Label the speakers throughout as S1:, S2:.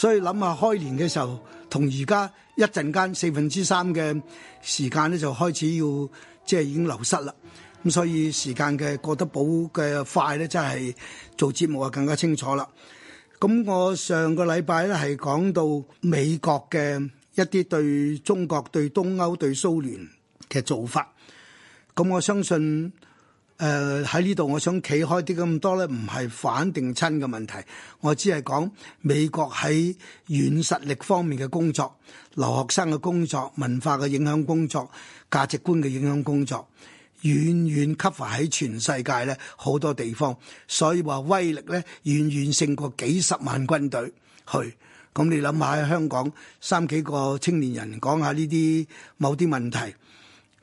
S1: 所以諗下開年嘅時候，同而家一陣間四分之三嘅時間咧，就開始要即係已經流失啦。咁所以時間嘅過得補嘅快咧，真係做節目就更加清楚啦。咁我上個禮拜咧係講到美國嘅一啲對中國、對東歐、對蘇聯嘅做法。咁我相信。誒喺呢度，呃、我想企開啲咁多咧，唔係反定親嘅問題，我只係講美國喺軟實力方面嘅工作、留學生嘅工作、文化嘅影響工作、價值觀嘅影響工作，遠遠吸附喺全世界咧好多地方，所以話威力咧遠遠勝過幾十萬軍隊去。咁你諗下喺香港三幾個青年人講下呢啲某啲問題。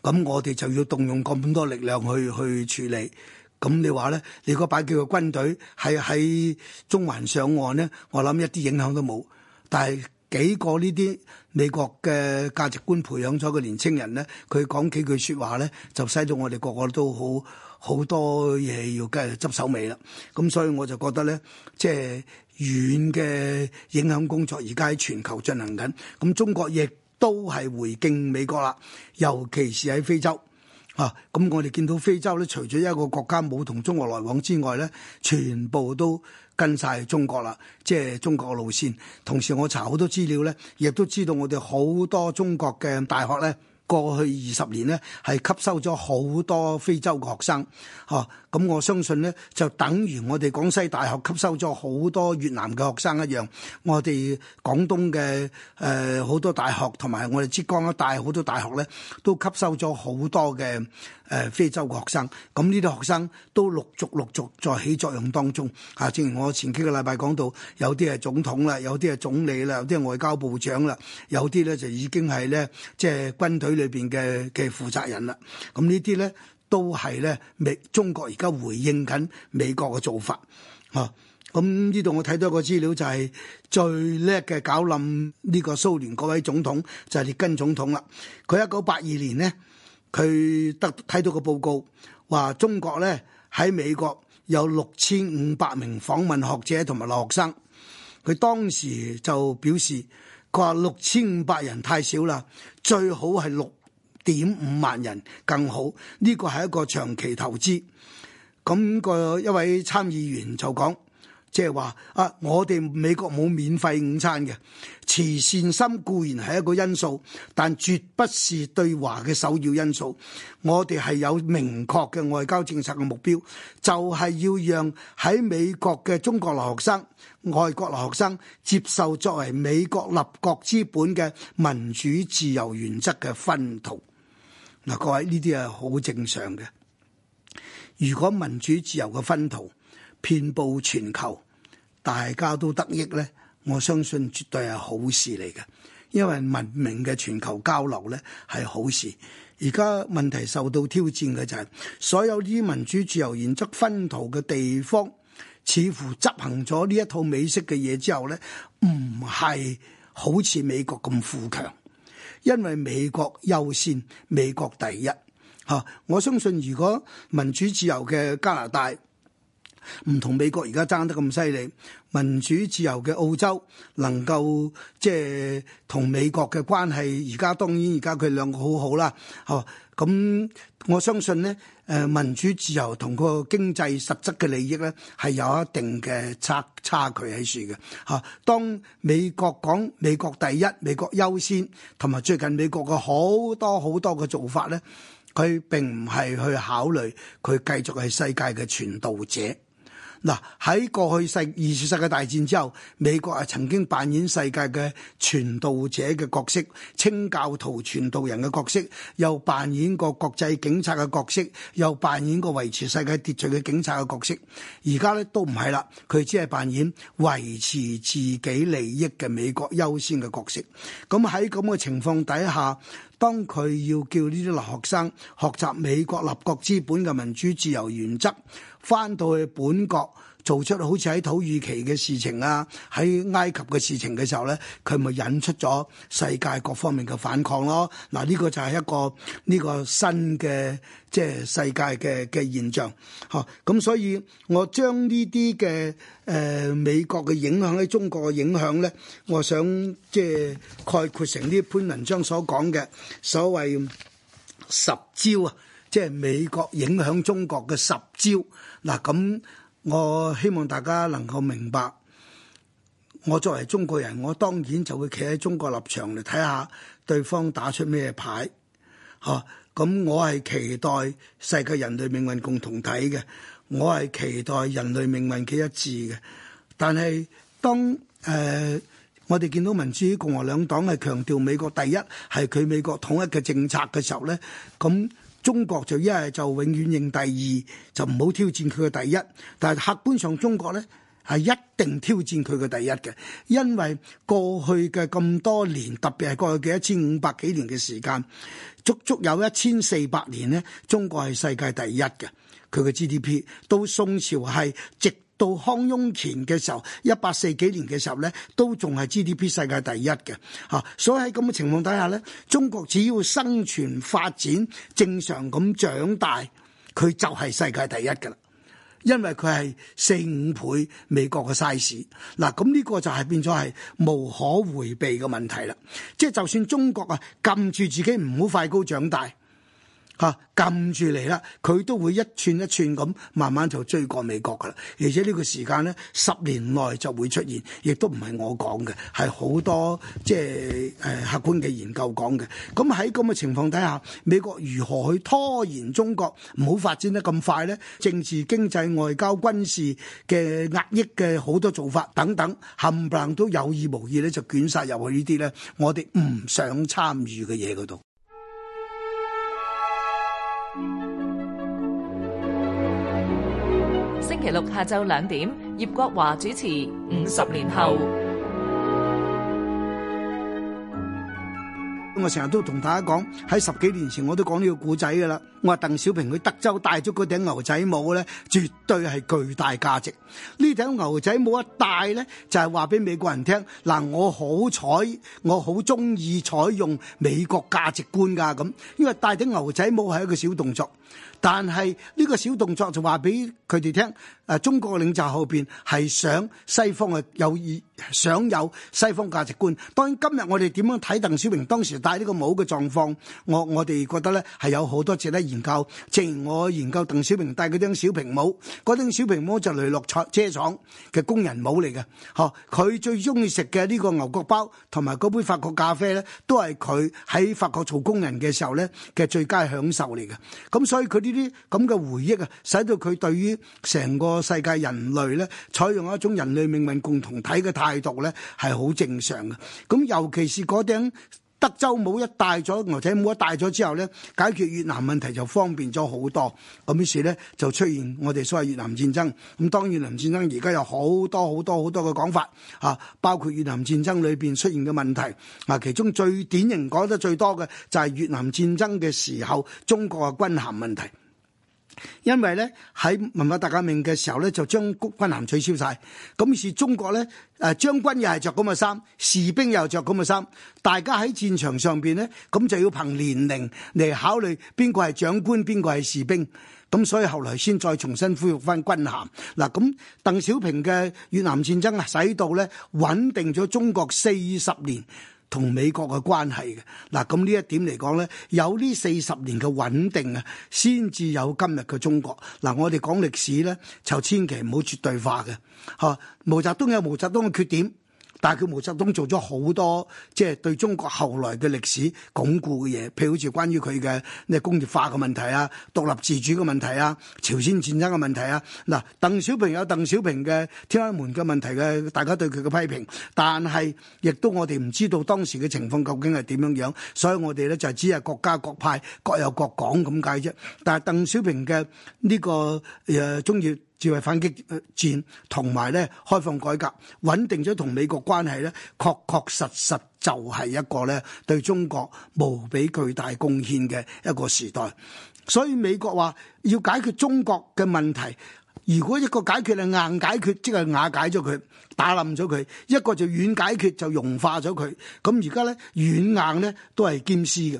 S1: 咁我哋就要動用咁多力量去去處理。咁你話咧，你個擺叫個軍隊係喺中環上岸咧，我諗一啲影響都冇。但係幾個呢啲美國嘅價值觀培養咗嘅年青人咧，佢講幾句説話咧，就使到我哋個個都好好多嘢要繼續執手尾啦。咁所以我就覺得咧，即係遠嘅影響工作而家喺全球進行緊。咁中國亦都係回敬美國啦，尤其是喺非洲啊！咁、嗯、我哋見到非洲咧，除咗一個國家冇同中國來往之外咧，全部都跟晒中國啦，即係中國嘅路線。同時我查好多資料咧，亦都知道我哋好多中國嘅大學咧，過去二十年咧，係吸收咗好多非洲嘅學生啊！咁、嗯、我相信咧，就等於我哋廣西大學吸收咗好多越南嘅學生一樣，我哋廣東嘅誒好多大學，同埋我哋浙江一帶好多大學咧，都吸收咗好多嘅誒、呃、非洲嘅學生。咁呢啲學生都陸續陸續在起作用當中啊！正如我前幾個禮拜講到，有啲係總統啦，有啲係總理啦，有啲係外交部長啦，有啲咧就已經係咧即係軍隊裏邊嘅嘅負責人啦。咁、嗯、呢啲咧。都係咧，美中國而家回應緊美國嘅做法，啊！咁呢度我睇到一個資料就係最叻嘅搞冧呢個蘇聯嗰位總統就係列根總統啦。佢一九八二年呢，佢得睇到個報告話中國咧喺美國有六千五百名訪問學者同埋留學生，佢當時就表示，佢話六千五百人太少啦，最好係六點五萬人更好，呢個係一個長期投資。咁、那個一位參議員就講，即係話啊，我哋美國冇免費午餐嘅，慈善心固然係一個因素，但絕不是對華嘅首要因素。我哋係有明確嘅外交政策嘅目標，就係、是、要讓喺美國嘅中國留學生、外國留學生接受作為美國立國之本嘅民主自由原則嘅薰陶。嗱，各位呢啲係好正常嘅。如果民主自由嘅薰陶遍布全球，大家都得益咧，我相信絕對係好事嚟嘅。因為文明嘅全球交流咧係好事。而家問題受到挑戰嘅就係、是、所有啲民主自由原則薰陶嘅地方，似乎執行咗呢一套美式嘅嘢之後咧，唔係好似美國咁富強。因為美國優先，美國第一吓，我相信如果民主自由嘅加拿大。唔同美國而家爭得咁犀利，民主自由嘅澳洲能夠即係同美國嘅關係，而家當然而家佢兩個好好啦。嚇、哦，咁我相信咧，誒民主自由同個經濟實質嘅利益咧，係有一定嘅差差距喺樹嘅嚇。當美國講美國第一、美國優先，同埋最近美國嘅好多好多嘅做法咧，佢並唔係去考慮佢繼續係世界嘅傳道者。嗱，喺過去世二次世界大戰之後，美國啊曾經扮演世界嘅傳道者嘅角色，清教徒傳道人嘅角色，又扮演過國際警察嘅角色，又扮演過維持世界秩序嘅警察嘅角色。而家咧都唔係啦，佢只係扮演維持自己利益嘅美國優先嘅角色。咁喺咁嘅情況底下，當佢要叫呢啲留學生學習美國立國之本嘅民主自由原則，翻到去本國，做出好似喺土耳其嘅事情啊，喺埃及嘅事情嘅時候咧，佢咪引出咗世界各方面嘅反抗咯。嗱，呢、這個就係一個呢、這個新嘅即係世界嘅嘅現象。吓、啊。咁所以我將呢啲嘅誒美國嘅影響喺中國嘅影響咧，我想即係概括成呢篇文章所講嘅所謂十招啊，即係美國影響中國嘅十招。嗱咁。我希望大家能夠明白，我作為中國人，我當然就會企喺中國立場嚟睇下對方打出咩牌，嚇、啊、咁我係期待世界人類命運共同體嘅，我係期待人類命運嘅一致嘅。但係當誒、呃、我哋見到民主共和兩黨係強調美國第一係佢美國統一嘅政策嘅時候咧，咁。中國就一係就永遠認第二，就唔好挑戰佢嘅第一。但係客觀上，中國咧係一定挑戰佢嘅第一嘅，因為過去嘅咁多年，特別係過去嘅一千五百幾年嘅時間，足足有一千四百年咧，中國係世界第一嘅，佢嘅 GDP 到宋朝係直。到康雍乾嘅時候，一八四幾年嘅時候咧，都仲係 GDP 世界第一嘅，嚇、啊。所以喺咁嘅情況底下咧，中國只要生存發展正常咁長大，佢就係世界第一㗎喇。因為佢係四五倍美國嘅 size。嗱、啊，咁呢個就係變咗係無可回避嘅問題啦。即係就算中國啊，撳住自己唔好快高長大。嚇，撳住嚟啦！佢都會一串一串咁，慢慢就追過美國噶啦。而且呢個時間咧，十年內就會出現，亦都唔係我講嘅，係好多即係誒客觀嘅研究講嘅。咁喺咁嘅情況底下，美國如何去拖延中國唔好發展得咁快咧？政治、經濟、外交、軍事嘅壓抑嘅好多做法等等，冚唪唥都有意無意咧就捲殺入去呢啲咧，我哋唔想參與嘅嘢嗰度。星期六下晝兩點，葉國華主持《五十年後》。咁我成日都同大家講，喺十幾年前我都講呢個故仔噶啦。我話鄧小平去德州戴咗嗰頂牛仔帽咧，絕對係巨大價值。呢頂牛仔帽一戴咧，就係話俾美國人聽嗱，我好彩，我好中意採用美國價值觀噶咁。因為戴頂牛仔帽係一個小動作。但係呢、這個小動作就話俾佢哋聽，誒中國嘅領袖後邊係想西方嘅友誼，享有西方價值觀，當然今日我哋點樣睇鄧小平當時戴呢個帽嘅狀況，我我哋覺得呢係有好多次咧研究。正如我研究鄧小平戴嗰頂小平帽，嗰頂小平帽就雷諾車廠嘅工人帽嚟嘅，嚇佢最中意食嘅呢個牛角包同埋嗰杯法國咖啡呢，都係佢喺法國做工人嘅時候呢嘅最佳享受嚟嘅。咁所以佢呢啲咁嘅回憶啊，使到佢對於成個世界人類呢，採用一種人類命運共同體嘅態度。態度咧，係好正常嘅，咁尤其是嗰頂德州帽一戴咗，牛仔帽一戴咗之後咧，解決越南問題就方便咗好多。咁於是咧就出現我哋所謂越南戰爭。咁當越南戰爭而家有好多好多好多嘅講法，吓包括越南戰爭裏邊出現嘅問題。嗱，其中最典型講得最多嘅就係越南戰爭嘅時候，中國嘅軍銜問題。因為咧喺文化大革命嘅時候呢，就將軍銜取消晒，咁於是中國呢，誒將軍又係着咁嘅衫，士兵又着咁嘅衫，大家喺戰場上邊呢，咁就要憑年齡嚟考慮邊個係長官，邊個係士兵，咁所以後來先再重新恢復翻軍銜。嗱，咁鄧小平嘅越南戰爭啊，使到呢穩定咗中國四十年。同美國嘅關係嘅。嗱，咁呢一點嚟講咧，有呢四十年嘅穩定啊，先至有今日嘅中國。嗱，我哋講歷史咧，就千祈唔好絕對化嘅嚇，啊。毛澤東有毛澤東嘅缺點。但係佢毛澤東做咗好多，即係對中國後來嘅歷史鞏固嘅嘢，譬如好似關於佢嘅呢工業化嘅問題啊、獨立自主嘅問題啊、朝鮮戰爭嘅問題啊。嗱，鄧小平有鄧小平嘅天安門嘅問題嘅，大家對佢嘅批評，但係亦都我哋唔知道當時嘅情況究竟係點樣樣，所以我哋咧就只係國家各派各有各講咁解啫。但係鄧小平嘅呢個誒中越。自衛反擊戰同埋咧開放改革，穩定咗同美國關係咧，確確實實就係一個咧對中國無比巨大貢獻嘅一個時代。所以美國話要解決中國嘅問題，如果一個解決係硬解決，即係瓦解咗佢，打冧咗佢；一個就軟解決就融化咗佢。咁而家咧軟硬咧都係兼施嘅。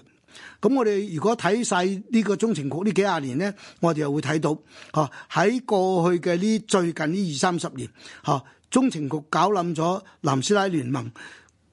S1: 咁我哋如果睇晒呢個中情局呢幾廿年呢，我哋又會睇到，嚇喺過去嘅呢最近呢二三十年，嚇中情局搞冧咗南斯拉聯盟。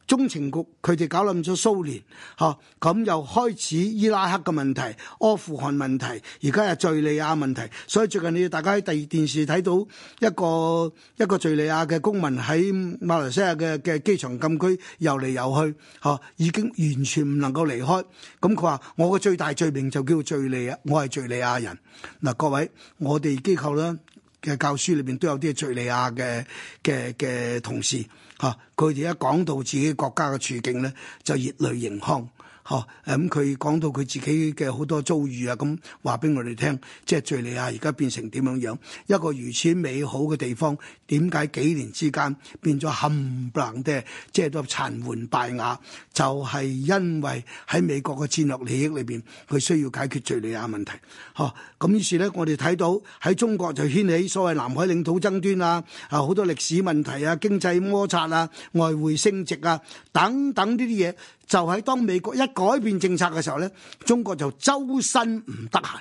S1: 中情局佢哋搞冧咗蘇聯吓，咁、啊、又開始伊拉克嘅問題，阿富汗問題，而家係敘利亞問題，所以最近你大家喺第二電視睇到一個一個敘利亞嘅公民喺馬來西亞嘅嘅機場禁區遊嚟遊去，吓、啊，已經完全唔能夠離開，咁佢話，我嘅最大罪名就叫敘利亞，我係敘利亞人。嗱、啊，各位，我哋機構啦嘅教書裏邊都有啲敘利亞嘅嘅嘅同事。嚇！佢哋、啊、一講到自己國家嘅處境咧，就熱淚盈眶。嗬，咁佢、嗯、講到佢自己嘅好多遭遇啊，咁話俾我哋聽，即係敍利亞而家變成點樣樣？一個如此美好嘅地方，點解幾年之間變咗冚唪唥嘅，即係都殘垣敗瓦？就係、是、因為喺美國嘅戰略利益裏邊，佢需要解決敍利亞問題。嗬，咁於是咧，我哋睇到喺中國就掀起所謂南海領土爭端啦、啊，啊好多歷史問題啊、經濟摩擦啊、外匯升值啊等等呢啲嘢。就喺當美國一改變政策嘅時候呢，中國就周身唔得閒。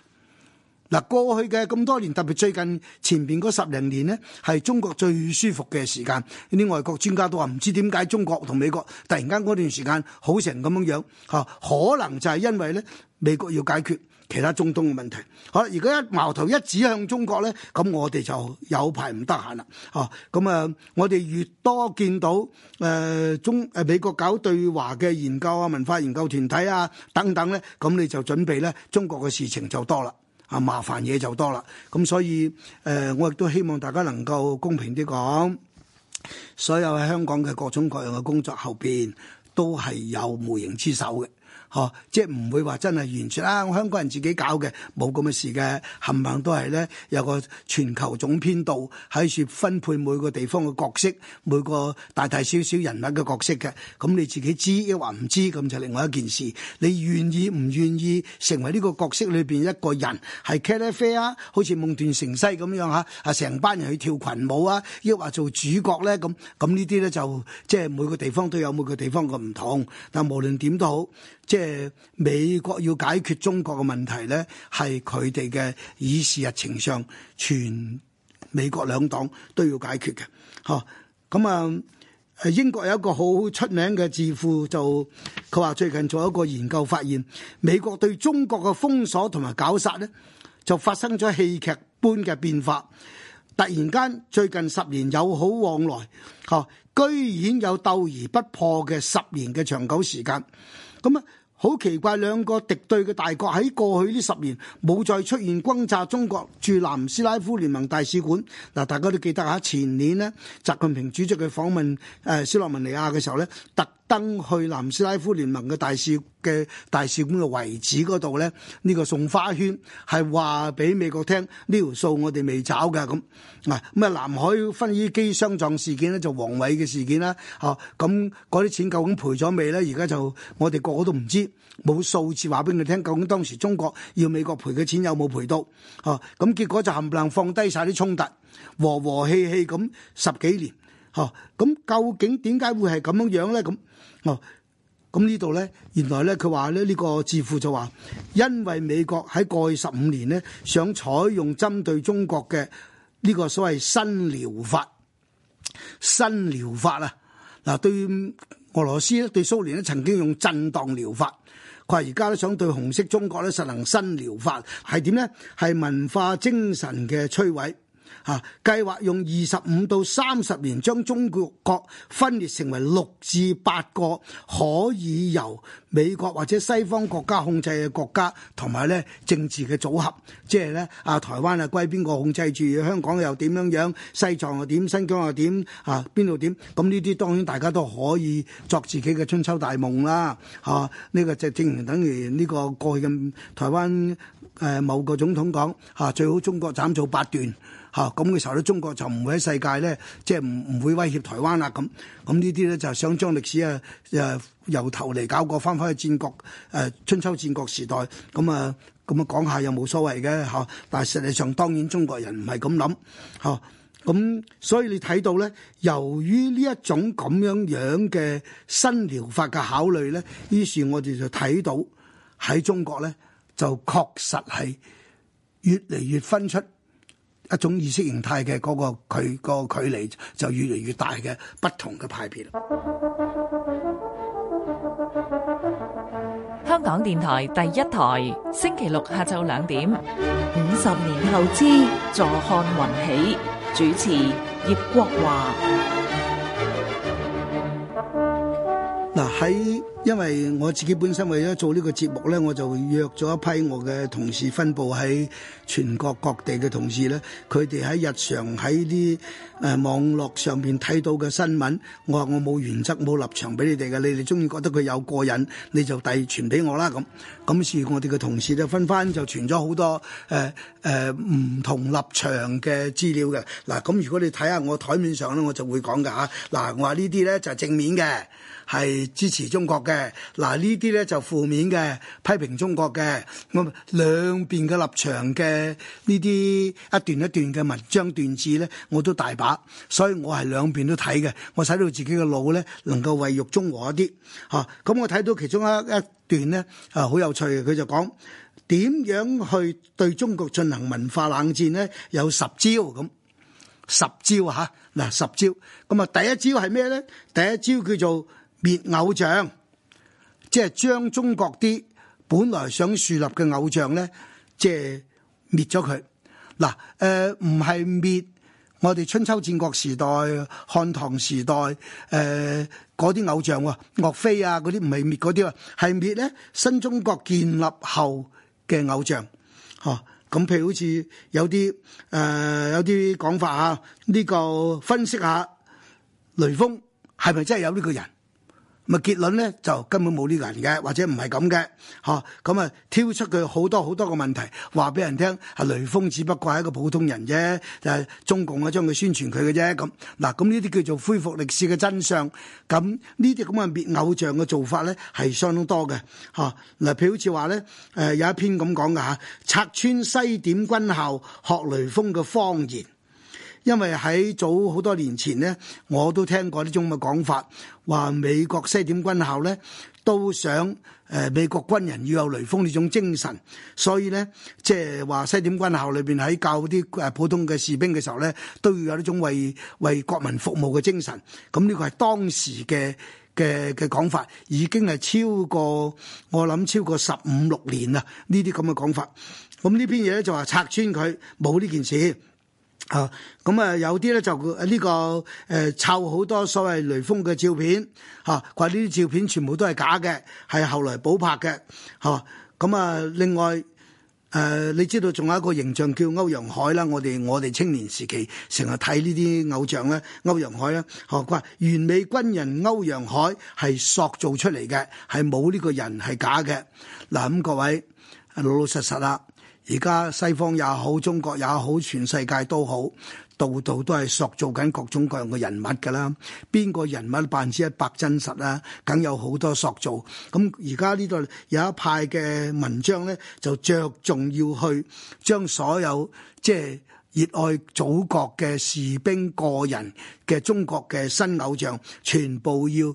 S1: 嗱，過去嘅咁多年，特別最近前邊嗰十零年呢，係中國最舒服嘅時間。啲外國專家都話唔知點解中國同美國突然間嗰段時間好成咁樣樣，吓可能就係因為呢美國要解決。其他中東嘅問題，好啦，如果一矛頭一指向中國咧，咁我哋就有排唔得閒啦，哦，咁、嗯、啊，我哋越多見到誒、呃、中誒美國搞對華嘅研究啊、文化研究團體啊等等咧，咁、嗯、你就準備咧，中國嘅事情就多啦，啊，麻煩嘢就多啦，咁、嗯、所以誒、呃，我亦都希望大家能夠公平啲講，所有喺香港嘅各種各樣嘅工作後邊，都係有無形之手嘅。哦，即係唔會話真係完全啊！我香港人自己搞嘅，冇咁嘅事嘅，冚唪唥都係咧，有個全球總編導喺處分配每個地方嘅角色，每個大大小小人物嘅角色嘅。咁、嗯、你自己知抑或唔知，咁就另外一件事。你願意唔願意成為呢個角色裏邊一個人，係茄喱啡啊，好似夢斷城西咁樣吓啊，成班人去跳群舞啊，抑或做主角咧咁，咁、嗯嗯、呢啲咧就即係每個地方都有每個地方嘅唔同。但無論點都好，即係。即係美國要解決中國嘅問題咧，係佢哋嘅議事日程上，全美國兩黨都要解決嘅。嗬、啊、咁、嗯、啊，英國有一個好出名嘅智庫就佢話最近做一個研究發現，美國對中國嘅封鎖同埋絞殺咧，就發生咗戲劇般嘅變化。突然間，最近十年友好往來，嗬、啊，居然有鬥而不破嘅十年嘅長久時間，咁、嗯、啊。好奇怪，兩個敵對嘅大國喺過去呢十年冇再出現轟炸中國駐南斯拉夫聯盟大使館。嗱，大家都記得吓，前年呢，習近平主席嘅訪問誒、呃、斯洛文尼亞嘅時候咧，特登去南斯拉夫聯盟嘅大使嘅大使館嘅遺址嗰度咧，呢、這個送花圈係話俾美國聽呢條、這個、數我哋未找噶。咁，嗱咁啊南海分機相撞事件咧，就王偉嘅事件啦，哦咁嗰啲錢究竟賠咗未咧？而家就我哋個個都唔知，冇數次話俾佢聽，究竟當時中國要美國賠嘅錢有冇賠到？哦、啊、咁、嗯、結果就冚唪唥放低晒啲衝突，和和氣氣咁十幾年。嚇！咁、哦、究竟點解會係咁樣樣咧？咁哦，咁呢度咧，原來咧，佢話咧，呢個智庫就話，因為美國喺過去十五年呢，想採用針對中國嘅呢個所謂新療法，新療法啊！嗱，對俄羅斯咧，對蘇聯咧，曾經用震盪療法，佢話而家咧想對紅色中國咧實行新療法，係點咧？係文化精神嘅摧毀。啊！計劃用二十五到三十年，將中國國分裂成為六至八個可以由美國或者西方國家控制嘅國家呢，同埋咧政治嘅組合，即係咧啊，台灣啊，歸邊個控制住？香港又點樣樣？西藏又點？新疆又點？啊，邊度點？咁呢啲當然大家都可以作自己嘅春秋大夢啦！啊，呢個就正如等於呢個過去嘅台灣。誒某個總統講嚇，最好中國斬做八段嚇，咁嘅時候咧，中國就唔會喺世界咧，即係唔唔會威脅台灣啦咁。咁呢啲咧就想將歷史啊誒由頭嚟搞過，翻返去戰國誒、呃、春秋戰國時代咁啊，咁啊講下又冇所謂嘅嚇。但係實際上當然中國人唔係咁諗嚇。咁所以你睇到咧，由於呢一種咁樣樣嘅新療法嘅考慮咧，於是我哋就睇到喺中國咧。就確實係越嚟越分出一種意識形態嘅嗰個距個距離就越嚟越大嘅不同嘅派別。香港電台第一台，星期六下晝兩點，五十年後之坐看雲起，主持葉國華。嗱喺因為我自己本身為咗做呢個節目咧，我就約咗一批我嘅同事分佈喺全國各地嘅同事咧，佢哋喺日常喺啲誒網絡上邊睇到嘅新聞，我話我冇原則冇立場俾你哋嘅，你哋中意覺得佢有過癮，你就遞傳俾我啦咁。咁是我哋嘅同事紛紛就分翻就傳咗好多誒誒唔同立場嘅資料嘅。嗱，咁如果你睇下我台面上咧，我就會講噶吓。嗱，我話呢啲咧就係正面嘅，係。支持中國嘅。嗱，呢啲咧就負面嘅批評中國嘅，我兩邊嘅立場嘅呢啲一段一段嘅文章段子咧，我都大把，所以我係兩邊都睇嘅。我使到自己嘅腦咧能夠為肉中和一啲吓。咁、啊嗯、我睇到其中一一段咧，啊好有趣嘅，佢就講點樣去對中國進行文化冷戰咧，有十招咁、嗯、十招吓。嗱、啊嗯、十招咁啊、嗯嗯。第一招係咩咧？第一招叫做滅偶像，即係將中國啲本來想樹立嘅偶像咧，即係滅咗佢嗱。誒、呃，唔、呃、係滅我哋春秋戰國時代、漢唐時代誒啲、呃、偶像岳飛啊啲唔係滅啲啊係滅咧新中國建立後嘅偶像。吓咁譬如好似有啲誒、呃、有啲講法啊，呢、呢個分析下雷鋒係咪真係有呢個人？咪結論咧就根本冇呢個人嘅，或者唔係咁嘅，嚇咁啊挑出佢好多好多個問題，話俾人聽係雷鋒只不過係一個普通人啫，就係中共啊將佢宣傳佢嘅啫咁。嗱咁呢啲叫做恢復歷史嘅真相。咁呢啲咁嘅滅偶像嘅做法咧係相當多嘅，嚇嗱譬如好似話咧，誒有一篇咁講㗎嚇，拆穿西點軍校學雷鋒嘅謊言。因為喺早好多年前咧，我都聽過呢種嘅講法，話美國西點軍校咧都想誒、呃、美國軍人要有雷鋒呢種精神，所以咧即係話西點軍校裏邊喺教啲誒普通嘅士兵嘅時候咧，都要有呢種為為國民服務嘅精神。咁呢個係當時嘅嘅嘅講法，已經係超過我諗超過十五六年啦。呢啲咁嘅講法，咁呢篇嘢咧就話拆穿佢冇呢件事。啊，咁、嗯、啊有啲咧就呢、這個誒，湊、呃、好多所謂雷鋒嘅照片，吓、啊，佢話呢啲照片全部都係假嘅，係後來補拍嘅，吓、啊。咁、嗯、啊，另外誒、呃，你知道仲有一個形象叫歐陽海啦，我哋我哋青年時期成日睇呢啲偶像咧，歐陽海啦、啊，佢、啊、話完美軍人歐陽海係塑造出嚟嘅，係冇呢個人係假嘅。嗱、啊，咁、嗯、各位老老實實啦。而家西方也好，中國也好，全世界都好，度度都係塑造緊各種各樣嘅人物噶啦。邊個人物百分之一百真實啦、啊，梗有好多塑造。咁而家呢度有一派嘅文章咧，就着重要去將所有即係熱愛祖國嘅士兵個人嘅中國嘅新偶像，全部要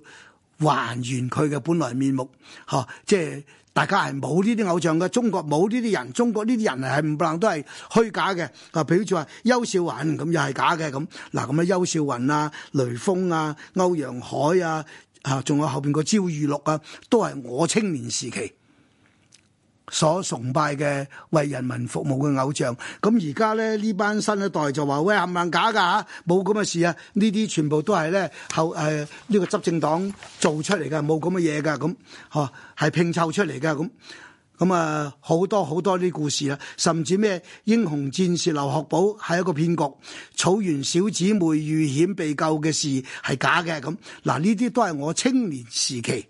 S1: 還原佢嘅本來面目，嚇即係。大家係冇呢啲偶像嘅，中國冇呢啲人，中國呢啲人係冚唪唥都係虛假嘅。啊，譬如話邱少雲咁又係假嘅，咁，嗱咁咧邱少雲啊、雷鋒啊、歐陽海啊，啊仲有後邊個焦裕祿啊，都係我青年時期，所崇拜嘅為人民服務嘅偶像，咁而家咧呢班新一代就話喂，冚唪唥假噶吓，冇咁嘅事啊！呢啲全部都係咧後誒呢、呃呢個執政黨做出嚟嘅，冇咁嘅嘢噶咁，嗬係、啊、拼湊出嚟噶咁，咁啊好多好多啲故事啊，甚至咩英雄戰士劉學寶係一個騙局，草原小姊妹遇險被救嘅事係假嘅咁，嗱呢啲都係我青年時期。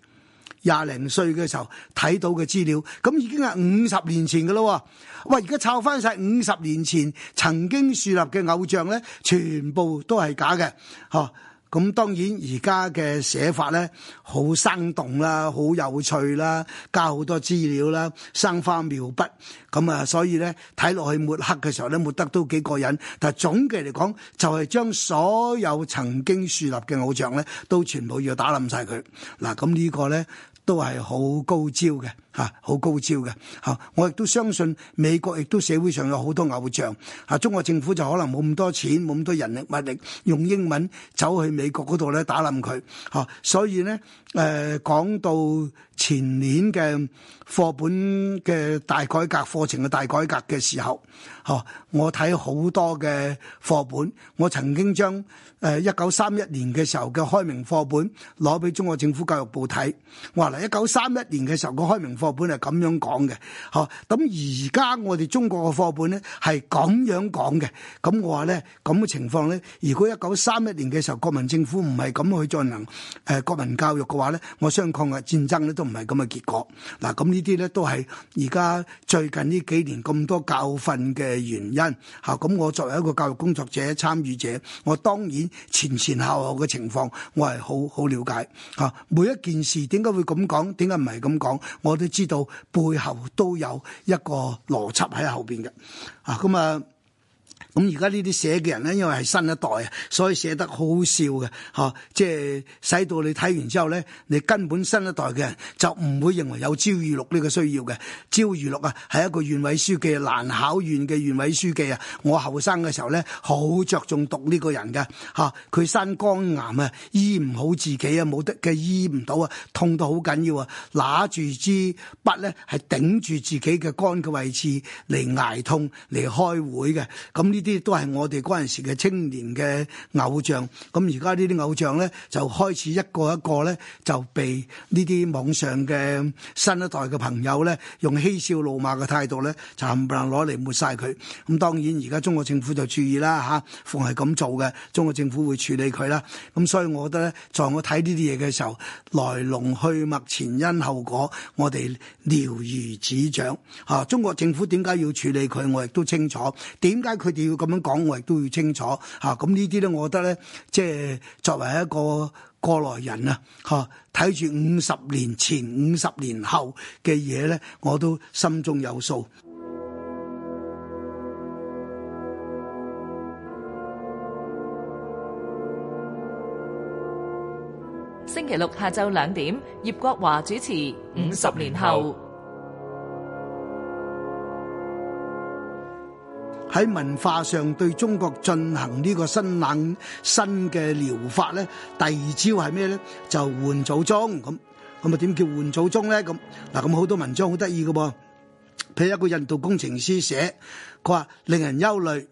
S1: 廿零歲嘅時候睇到嘅資料，咁已經係五十年前嘅咯。喂，而家抄翻晒五十年前曾經樹立嘅偶像咧，全部都係假嘅。嗬、啊，咁當然而家嘅寫法咧，好生動啦，好有趣啦，加好多資料啦，生花妙筆。咁啊，所以咧睇落去抹黑嘅時候咧，抹得都幾過癮。但係總嘅嚟講，就係、是、將所有曾經樹立嘅偶像咧，都全部要打冧晒佢。嗱、啊，咁呢個咧。都係好高招嘅，嚇、啊，好高招嘅，嚇、啊！我亦都相信美國亦都社會上有好多偶像，嚇、啊！中國政府就可能冇咁多錢，冇咁多人力物力，用英文走去美國嗰度咧打冧佢，嚇、啊！所以呢。誒，講到前年嘅課本嘅大改革，課程嘅大改革嘅時候，吓，我睇好多嘅課本，我曾經將誒一九三一年嘅時候嘅開明課本攞俾中國政府教育部睇，我話嗱，一九三一年嘅時候個開明課本係咁樣講嘅，吓，咁而家我哋中國嘅課本咧係咁樣講嘅，咁我話咧，咁嘅情況咧，如果一九三一年嘅時候國民政府唔係咁去進行誒國民教育局。話咧，我相抗日戰爭咧都唔係咁嘅結果。嗱，咁呢啲咧都係而家最近呢幾年咁多教訓嘅原因。吓，咁我作為一個教育工作者、參與者，我當然前前後後嘅情況，我係好好了解。吓，每一件事點解會咁講？點解唔係咁講？我都知道背後都有一個邏輯喺後邊嘅。啊，咁啊。咁而家呢啲寫嘅人咧，因為係新一代啊，所以寫得好好笑嘅，嚇、啊，即係使到你睇完之後咧，你根本新一代嘅人就唔會認為有焦裕祿呢個需要嘅。焦裕祿啊，係一個縣委書記啊，蘭考縣嘅縣委書記啊。我後生嘅時候咧，好着重讀呢個人嘅嚇，佢生肝癌啊，醫唔好自己，好自己的的啊，冇得嘅醫唔到啊，痛到好緊要啊，拿住支筆咧係頂住自己嘅肝嘅位置嚟捱痛嚟開會嘅。咁。呢啲都係我哋嗰陣時嘅青年嘅偶像，咁而家呢啲偶像咧就開始一個一個咧就被呢啲網上嘅新一代嘅朋友咧用嬉笑怒罵嘅態度咧，就冚唪唥攞嚟抹晒佢。咁當然而家中國政府就注意啦，吓，逢係咁做嘅，中國政府會處理佢啦。咁所以我覺得咧，在我睇呢啲嘢嘅時候，來龍去脈、前因後果，我哋了如指掌。吓，中國政府點解要處理佢，我亦都清楚，點解佢哋。要咁樣講，我亦都要清楚嚇。咁呢啲咧，我覺得咧，即係作為一個過來人啊，嚇睇住五十年前、五十年後嘅嘢咧，我都心中有數。星期六下晝兩點，葉國華主持《五十年後》。喺文化上對中國進行呢個新冷新嘅療法咧，第二招係咩咧？就換祖宗咁咁啊？點叫換祖宗咧？咁嗱咁好多文章好得意嘅喎，譬如一個印度工程師寫，佢話令人憂慮，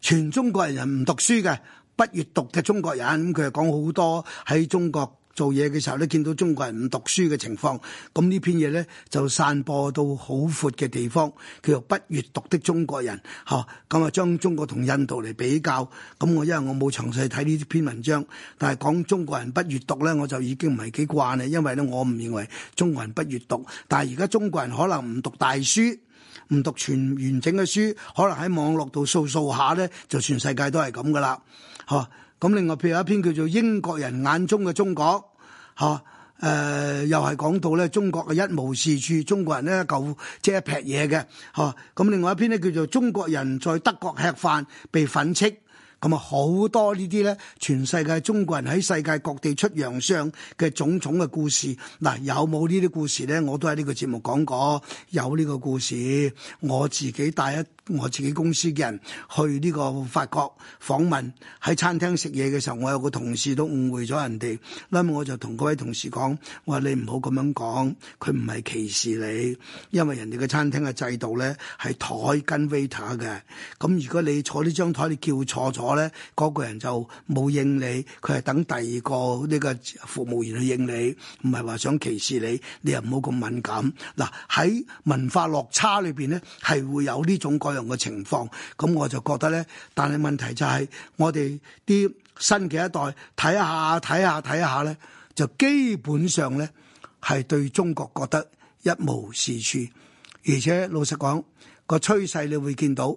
S1: 全中國人人唔讀書嘅，不閱讀嘅中國人，佢又講好多喺中國做嘢嘅時候咧，見到中國人唔讀書嘅情況，咁呢篇嘢呢就散播到好闊嘅地方，叫做不閱讀的中國人。嚇，咁啊將中國同印度嚟比較，咁我因為我冇詳細睇呢篇文章，但係講中國人不閱讀呢，我就已經唔係幾慣啦，因為呢，我唔認為中國人不閱讀，但係而家中國人可能唔讀大書，唔讀全完整嘅書，可能喺網絡度掃掃下呢，就全世界都係咁噶啦，嚇。咁另外，譬如一篇叫做《英國人眼中嘅中國》啊，嚇、呃，誒又係講到咧中國嘅一無是處，中國人咧就即係劈嘢嘅，嚇、啊。咁另外一篇咧叫做《中國人在德國吃飯被訓斥》。咁啊，好多呢啲咧，全世界中國人喺世界各地出洋相嘅種種嘅故事，嗱，有冇呢啲故事咧？我都喺呢個節目講過，有呢個故事。我自己帶一我自己公司嘅人去呢個法國訪問，喺餐廳食嘢嘅時候，我有個同事都誤會咗人哋，咁我就同嗰位同事講，我話你唔好咁樣講，佢唔係歧視你，因為人哋嘅餐廳嘅制度咧係台跟 waiter 嘅，咁如果你坐呢張台你叫錯咗。我咧，嗰、那個人就冇應你，佢係等第二個呢、這個服務員去應你，唔係話想歧視你，你又唔好咁敏感。嗱，喺文化落差裏邊咧，係會有呢種各樣嘅情況。咁我就覺得咧，但係問題就係、是、我哋啲新嘅一代睇下睇下睇下咧，就基本上咧係對中國覺得一無是處，而且老實講，個趨勢，趨勢你會見到。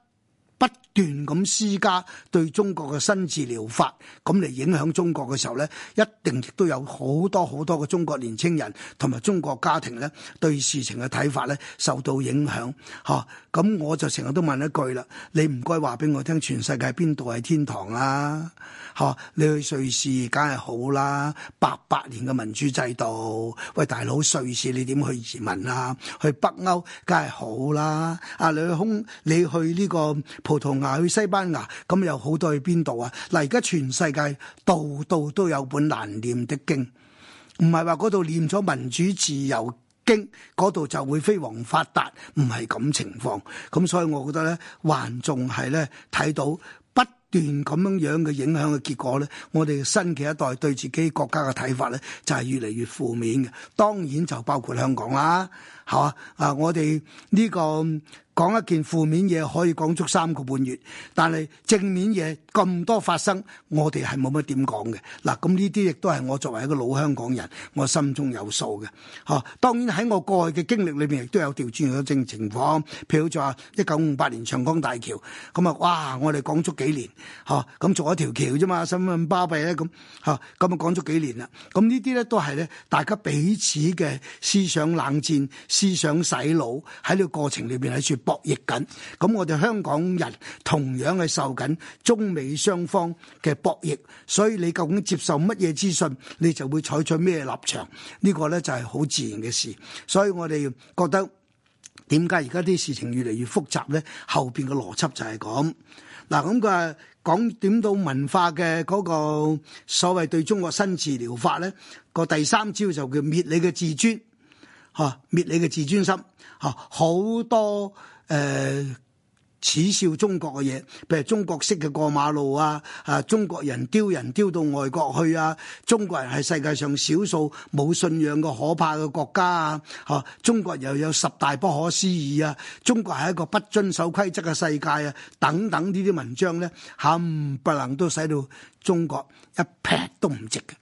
S1: 不斷咁施加對中國嘅新治療法，咁嚟影響中國嘅時候呢，一定亦都有好多好多嘅中國年青人同埋中國家庭呢，對事情嘅睇法呢受到影響嚇。咁我就成日都問一句啦，你唔該話俾我聽，全世界邊度係天堂啊？嚇，你去瑞士梗係好啦、啊，八百年嘅民主制度。喂，大佬，瑞士你點去移民啊？去北歐梗係好啦、啊。阿、啊、李空，你去呢、呢個？葡萄牙去西班牙，咁有好多去邊度啊？嗱，而家全世界度度都有本難念的經，唔係話嗰度念咗民主自由經，嗰度就會飛黃發達，唔係咁情況。咁所以我覺得咧，還仲係咧睇到不斷咁樣樣嘅影響嘅結果咧，我哋新嘅一代對自己國家嘅睇法咧，就係、是、越嚟越負面嘅。當然就包括香港啦、啊。嚇！啊！我哋呢個講一件負面嘢可以講足三個半月，但係正面嘢咁多發生，我哋係冇乜點講嘅。嗱、啊，咁呢啲亦都係我作為一個老香港人，我心中有數嘅。嚇、啊！當然喺我過去嘅經歷裏面，亦都有調轉咗正情況，譬如就話一九五八年長江大橋，咁啊，哇！我哋講足幾年，嚇、啊！咁做一條橋啫嘛，使乜咁巴閉咧？咁嚇！咁啊講足幾年啦。咁呢啲咧都係咧大家彼此嘅思想冷戰。思想洗腦喺呢個過程裏邊喺處博弈緊，咁我哋香港人同樣係受緊中美雙方嘅博弈，所以你究竟接受乜嘢資訊，你就會採取咩立場，呢個咧就係好自然嘅事。所以我哋覺得點解而家啲事情越嚟越複雜咧？後邊嘅邏輯就係咁。嗱，咁佢講點到文化嘅嗰個所謂對中國新治療法咧，個第三招就叫滅你嘅自尊。吓、啊、滅你嘅自尊心，吓、啊、好多誒、呃、恥笑中國嘅嘢，譬如中國式嘅過馬路啊，啊中國人丟人丟到外國去啊，中國人係世界上少數冇信仰嘅可怕嘅國家啊，吓、啊、中國又有十大不可思議啊，中國係一個不遵守規則嘅世界啊，等等呢啲文章咧，冚唪唥都使到中國一撇都唔值嘅，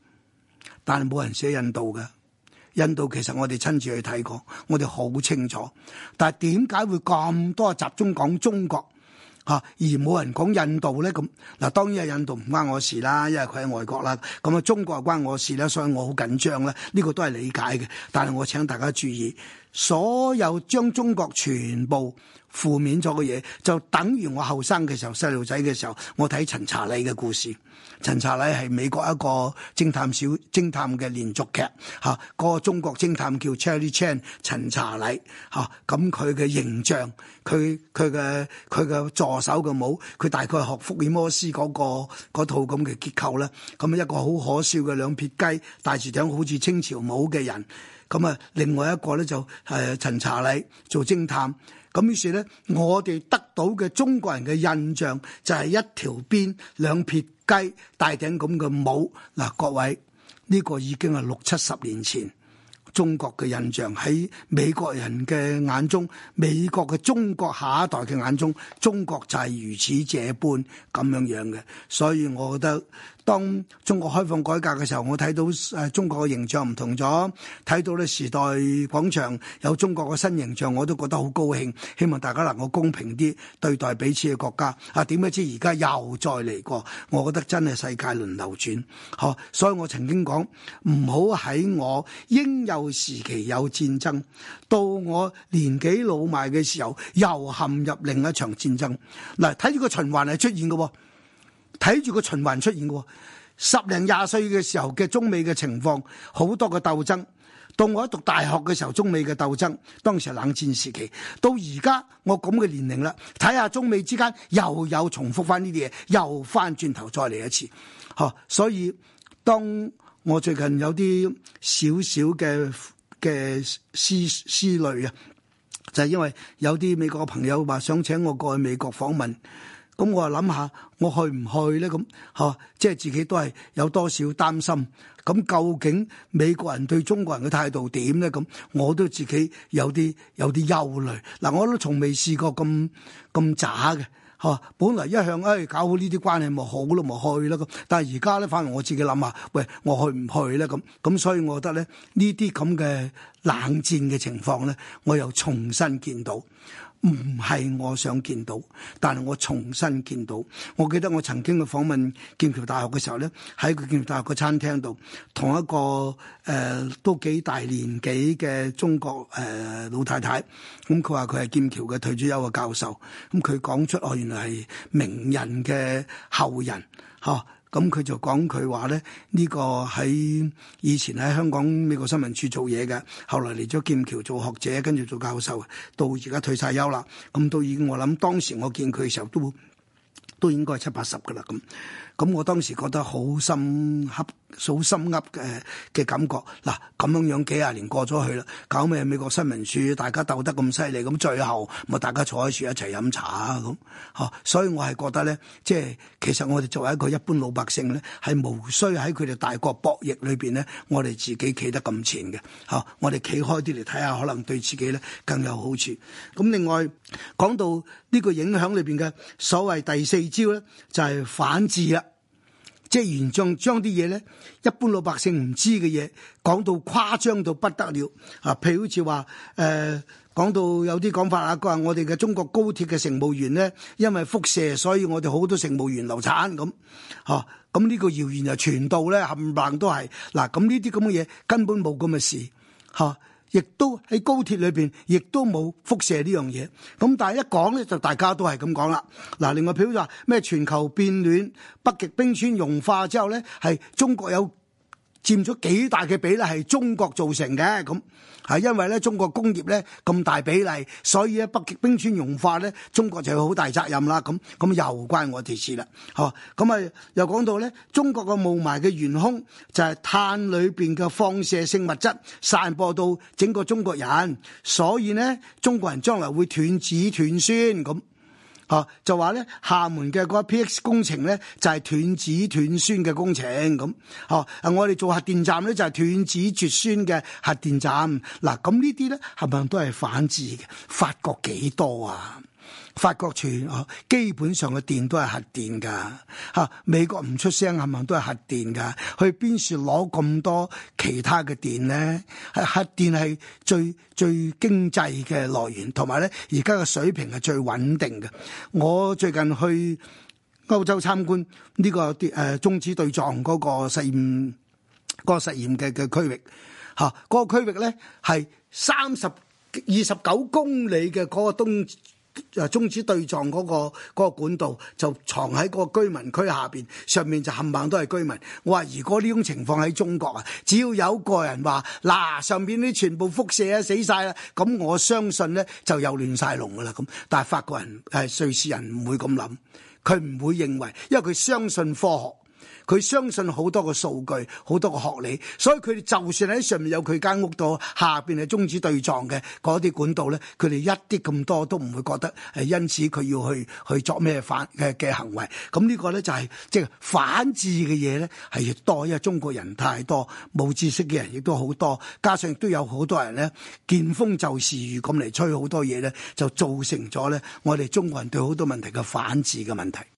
S1: 但係冇人寫印度嘅。印度其實我哋親自去睇過，我哋好清楚。但係點解會咁多集中講中國嚇、啊，而冇人講印度咧？咁嗱，當然係印度唔關我事啦，因為佢喺外國啦。咁啊，中國又關我事啦，所以我好緊張啦。呢、呢個都係理解嘅，但係我請大家注意。所有將中國全部負面咗嘅嘢，就等於我後生嘅時候，細路仔嘅時候，我睇陳查理嘅故事。陳查理係美國一個偵探小偵探嘅連續劇，吓、啊嗰個中國偵探叫 Charlie Chan 陳查理，吓，咁佢嘅形象，佢佢嘅佢嘅助手嘅帽，佢大概學福爾摩斯嗰、嗰套咁嘅結構咧。咁、啊嗯、一個好可笑嘅兩撇雞戴住頂，好似清朝帽嘅人。咁啊，另外一個咧就誒陳查禮做偵探，咁於是咧，我哋得到嘅中國人嘅印象就係一條鞭、兩撇雞、大頂咁嘅帽。嗱，各位呢個已經係六七十年前。中國嘅印象喺美國人嘅眼中，美國嘅中國下一代嘅眼中，中國就係如此這般咁樣樣嘅。所以我覺得，當中國開放改革嘅時候，我睇到誒、呃、中國嘅形象唔同咗，睇到咧時代廣場有中國嘅新形象，我都覺得好高興。希望大家能夠公平啲對待彼此嘅國家。啊，點解知而家又再嚟過，我覺得真係世界輪流轉。嗬，所以我曾經講，唔好喺我應有。到時期有戰爭，到我年紀老邁嘅時候又陷入另一場戰爭。嗱，睇住個循環係出現嘅，睇住個循環出現嘅。十零廿歲嘅時候嘅中美嘅情況，好多嘅鬥爭。到我喺讀大學嘅時候，中美嘅鬥爭，當時係冷戰時期。到而家我咁嘅年齡啦，睇下中美之間又有重複翻呢啲嘢，又翻轉頭再嚟一次。吓，所以當。我最近有啲少少嘅嘅思思慮啊，就係、是、因為有啲美國嘅朋友話想請我過去美國訪問，咁我啊諗下我去唔去咧？咁吓、啊，即係自己都係有多少擔心。咁究竟美國人對中國人嘅態度點咧？咁我都自己有啲有啲憂慮。嗱、啊，我都從未試過咁咁渣嘅。嚇、啊！本來一向誒、哎、搞好呢啲關係，咪好咯，咪去啦。但係而家咧，反而我自己諗下，喂，我去唔去咧？咁咁，所以我覺得咧，呢啲咁嘅冷戰嘅情況咧，我又重新見到。唔係我想見到，但係我重新見到。我記得我曾經去訪問劍橋大學嘅時候咧，喺佢劍橋大學個餐廳度，同一個誒、呃、都幾大年紀嘅中國誒、呃、老太太，咁佢話佢係劍橋嘅退休嘅教授，咁佢講出我、哦、原來係名人嘅後人，嚇、啊。咁佢就講佢話咧，呢個喺以前喺香港美國新聞處做嘢嘅，後來嚟咗劍橋做學者，跟住做教授，到而家退晒休啦。咁到已經我諗當時我見佢嘅時候都，都都應該七八十㗎啦咁。咁我當時覺得好深刻、好深刻嘅嘅感覺。嗱，咁樣樣幾廿年過咗去啦，搞咩美國新聞處，大家鬥得咁犀利，咁最後咪大家坐喺處一齊飲茶啊咁。嚇，所以我係覺得咧，即係其實我哋作為一個一般老百姓咧，係無需喺佢哋大國博弈裏邊咧，我哋自己企得咁前嘅。嚇，我哋企開啲嚟睇下，可能對自己咧更有好處。咁另外講到呢個影響裏邊嘅所謂第四招咧，就係反制啦。即係原將將啲嘢咧，一般老百姓唔知嘅嘢講到誇張到不得了啊！譬如好似話誒，講、呃、到有啲講法啊，話我哋嘅中國高鐵嘅乘務員咧，因為輻射，所以我哋好多乘務員流產咁，嚇咁呢個謠言就傳到咧，冚唪唥都係嗱，咁呢啲咁嘅嘢根本冇咁嘅事嚇。啊，亦都喺高鐵裏邊，亦都冇輻射呢樣嘢。咁但係一講咧，就大家都係咁講啦。嗱，另外譬如話咩全球變暖、北極冰川融化之後咧，係中國有。佔咗幾大嘅比例係中國造成嘅。咁，係因為咧中國工業咧咁大比例，所以咧北極冰川融化咧，中國就有好大責任啦咁，咁又關我哋事啦，嗬？咁啊又講到咧，中國嘅霧霾嘅元兇，就係、是、碳裏邊嘅放射性物質散播到整個中國人，所以咧中國人將來會斷子斷孫咁。哦、啊，就話咧，廈門嘅嗰個 PX 工程咧，就係、是、斷子斷孫嘅工程咁。哦、啊，啊，我哋做核電站咧，就係、是、斷子絕孫嘅核電站。嗱、啊，咁呢啲咧，係咪都係反智嘅？法國幾多啊？法國全、哦、基本上嘅電都係核電㗎，嚇、啊、美國唔出聲冚冚都係核電㗎，去邊處攞咁多其他嘅電咧、啊？核電係最最經濟嘅來源，同埋咧而家嘅水平係最穩定嘅。我最近去歐洲參觀呢、這個誒、呃、中子對撞嗰個實驗嗰、那個嘅嘅、那個、區域，嚇、啊、嗰、那個區域咧係三十二十九公里嘅嗰個東。就中止對撞嗰個嗰個管道，就藏喺嗰個居民區下邊，上面就冚唪唥都係居民。我話如果呢種情況喺中國啊，只要有個人話嗱，上面啲全部輻射啊死晒啦，咁我相信呢，就又亂晒龍噶啦咁。但係法國人係瑞士人唔會咁諗，佢唔會認為，因為佢相信科學。佢相信好多個數據，好多個學理，所以佢哋就算喺上面有佢間屋度，下邊係中子對撞嘅嗰啲管道咧，佢哋一啲咁多都唔會覺得誒，因此佢要去去作咩反嘅嘅行為，咁呢個咧就係即係反智嘅嘢咧，係多，因為中國人太多，冇知識嘅人亦都好多，加上都有好多人咧見風就是雨咁嚟吹好多嘢咧，就造成咗咧我哋中國人對好多問題嘅反智嘅問題。